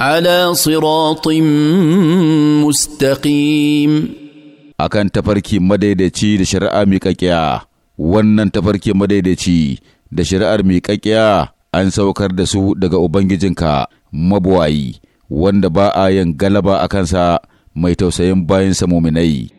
على صراط مستقيم akan tafarki madaidaici da shari'a miƙaƙiya wannan tafarki madaidaici da shari'ar miƙaƙiya an saukar da su daga ubangijinka mabuwayi wanda ba a yin galaba a kansa mai tausayin bayansa muminai